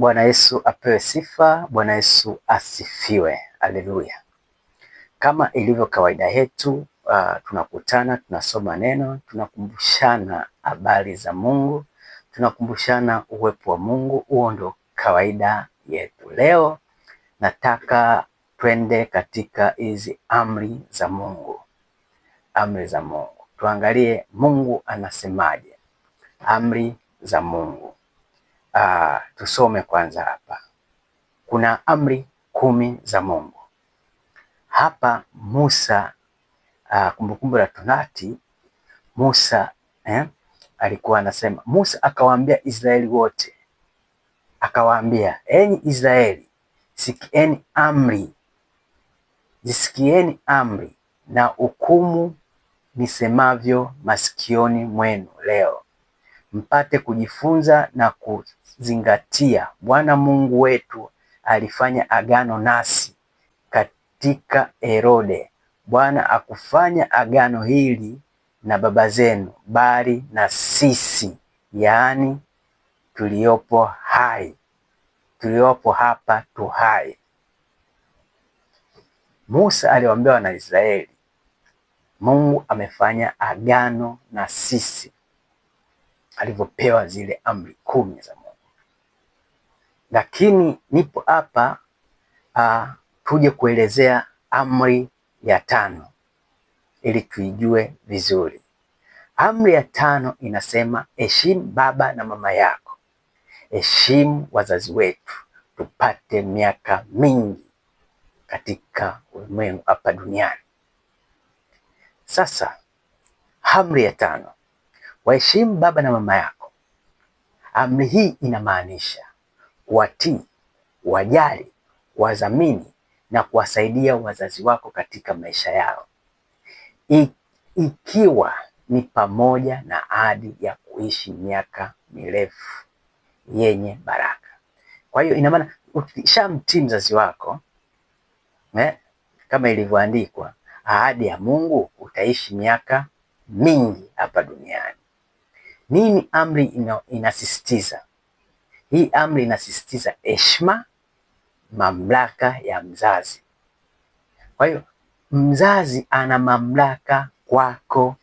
Bwana Yesu apewe sifa. Bwana Yesu asifiwe. Haleluya! Kama ilivyo kawaida yetu, uh, tunakutana tunasoma neno, tunakumbushana habari za Mungu, tunakumbushana uwepo wa Mungu. Huo ndio kawaida yetu. Leo nataka twende katika hizi amri za Mungu, amri za Mungu, tuangalie Mungu anasemaje, amri za Mungu. Aa, ah, tusome kwanza hapa. Kuna amri kumi za Mungu hapa Musa. Ah, kumbukumbu la Torati Musa eh, alikuwa anasema, Musa akawaambia Israeli wote, akawaambia enyi Israeli, sikieni amri, zisikieni amri na hukumu nisemavyo masikioni mwenu leo mpate kujifunza na kuzingatia. Bwana Mungu wetu alifanya agano nasi katika Herode. Bwana akufanya agano hili na baba zenu, bali na sisi, yaani tuliopo hai, tuliopo hapa tu hai. Musa aliwaambia israeli Mungu amefanya agano na sisi alivyopewa zile amri kumi za Mungu. Lakini nipo hapa uh, tuje kuelezea amri ya tano ili tuijue vizuri. Amri ya tano inasema heshimu baba na mama yako, heshimu wazazi wetu, tupate miaka mingi katika ulimwengu hapa duniani. Sasa amri ya tano Waheshimu baba na mama yako. Amri hii inamaanisha kuwatii, kuwajali, kuwadhamini na kuwasaidia wazazi wako katika maisha yao, ikiwa ni pamoja na ahadi ya kuishi miaka mirefu yenye baraka. Kwa hiyo ina maana ukishamtii mzazi wako eh, kama ilivyoandikwa, ahadi ya Mungu utaishi miaka mingi hapa duniani. Nini amri ina, inasisitiza? Hii amri inasisitiza heshima, mamlaka ya mzazi. Kwa hiyo mzazi ana mamlaka kwako,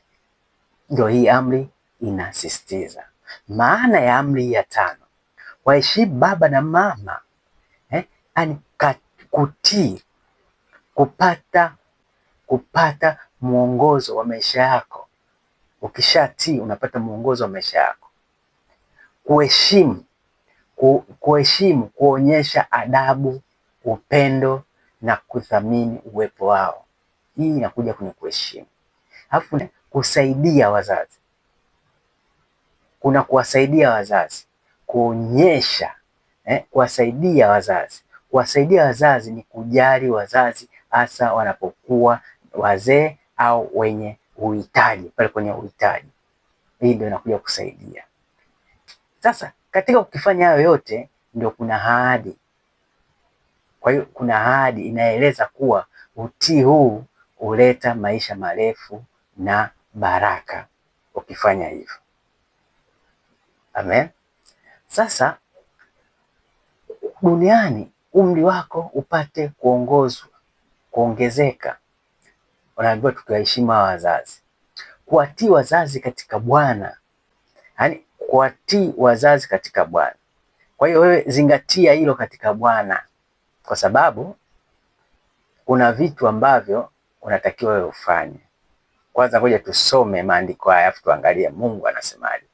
ndio hii amri inasisitiza. Maana ya amri ya tano, waheshimu baba na mama eh, ani kutii, kupata kupata mwongozo wa maisha yako Ukishatii unapata mwongozo wa maisha yako. Kuheshimu, kuheshimu kuonyesha adabu, upendo na kuthamini uwepo wao. Hii inakuja kwenye kuheshimu. Alafu kusaidia wazazi, kuna kuwasaidia wazazi, kuonyesha eh, kuwasaidia wazazi. Kuwasaidia wazazi ni kujali wazazi, hasa wanapokuwa wazee au wenye uhitaji pale kwenye uhitaji. Hii ndio inakuja kusaidia. Sasa katika ukifanya hayo yote, ndio kuna ahadi. Kwa hiyo kuna ahadi inaeleza kuwa utii huu huleta maisha marefu na baraka ukifanya hivyo. Amen. Sasa duniani umri wako upate kuongozwa, kuongezeka wanaambiwa tukiwaheshimu wazazi, kuwatii wazazi katika Bwana, yaani kuwatii wazazi katika Bwana. Kwa hiyo wewe zingatia hilo katika Bwana, kwa sababu kuna vitu ambavyo unatakiwa wewe ufanye. Kwanza ngoja tusome maandiko haya afu tuangalie Mungu anasemaje.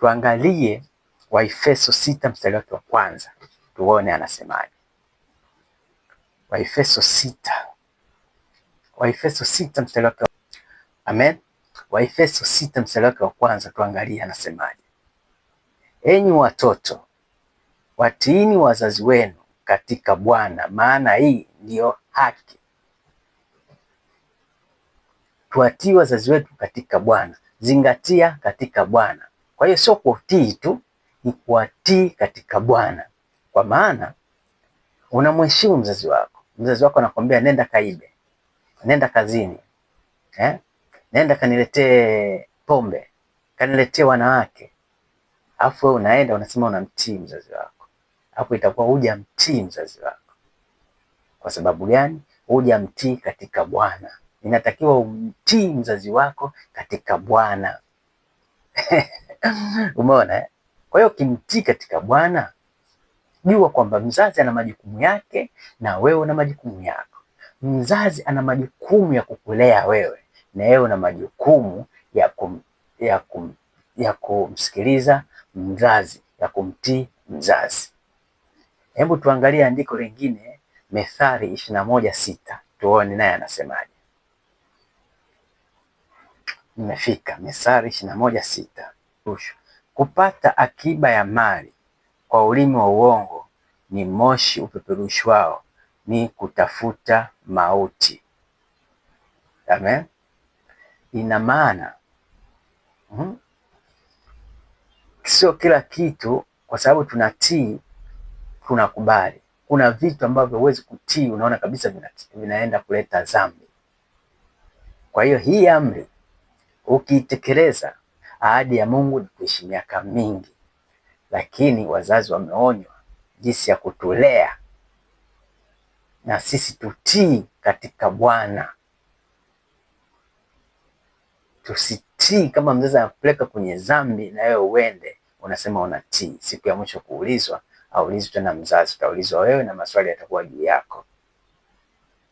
Tuangalie Waefeso sita mstari wake wa kwanza tuone anasemaje. Waefeso sita Waefeso sita mstari wake Amen. Waefeso sita mstari wake wa kwanza tuangalie anasemaje. Enyi watoto watiini wazazi wenu katika Bwana, maana hii ndiyo haki. Tuwatii wazazi wetu katika Bwana, zingatia katika Bwana. Kwa hiyo sio kutii tu, ni kuwatii katika Bwana, kwa maana unamheshimu mzazi wako. Mzazi wako anakwambia nenda kaibe nenda kazini eh? Nenda kaniletee pombe, kaniletee wanawake, afu wewe unaenda unasema unamtii mzazi wako. Hapo itakuwa hujamtii mzazi wako. Kwa sababu gani? Hujamtii katika Bwana. Inatakiwa umtii mzazi wako katika Bwana. Umeona eh? Kwa hiyo kimtii katika Bwana, jua kwamba mzazi ana majukumu yake na wewe una majukumu yako. Mzazi ana majukumu ya kukulea wewe, na yeye una majukumu ya, kum, ya, kum, ya kumsikiliza mzazi, ya kumtii mzazi. Hebu tuangalie andiko lingine, Methali ishirini na moja sita tuone naye anasemaje. Nimefika Methali ishirini na moja sita Kupata akiba ya mali kwa ulimi wa uongo ni moshi upeperushwao ni kutafuta mauti. Amen. Ina maana mm, sio kila kitu, kwa sababu tunatii tunakubali. Kuna vitu ambavyo huwezi kutii, unaona kabisa vinaenda kuleta dhambi. Kwa hiyo hii amri ukiitekeleza, ahadi ya Mungu ni kuishi miaka mingi, lakini wazazi wameonywa jinsi ya kutulea na sisi tutii katika Bwana, tusitii kama mzazi anakupeleka kwenye dhambi na wewe uende unasema unatii. Siku ya mwisho kuulizwa, aulizwi tena mzazi, utaulizwa wewe, na maswali yatakuwa juu yako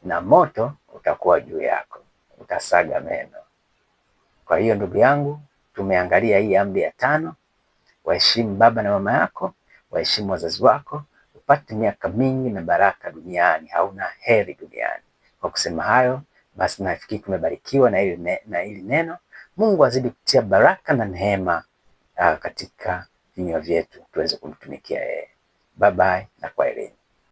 na moto utakuwa juu yako, utasaga meno. Kwa hiyo ndugu yangu, tumeangalia hii amri ya tano, waheshimu baba na mama yako, waheshimu wazazi wako upate miaka mingi na baraka duniani hauna heri duniani. Kwa kusema hayo, basi nafikiri tumebarikiwa na hili na hili neno. Mungu azidi kutia baraka na neema ah, katika vinywa vyetu tuweze kumtumikia yeye. Bye bye na kwaheri.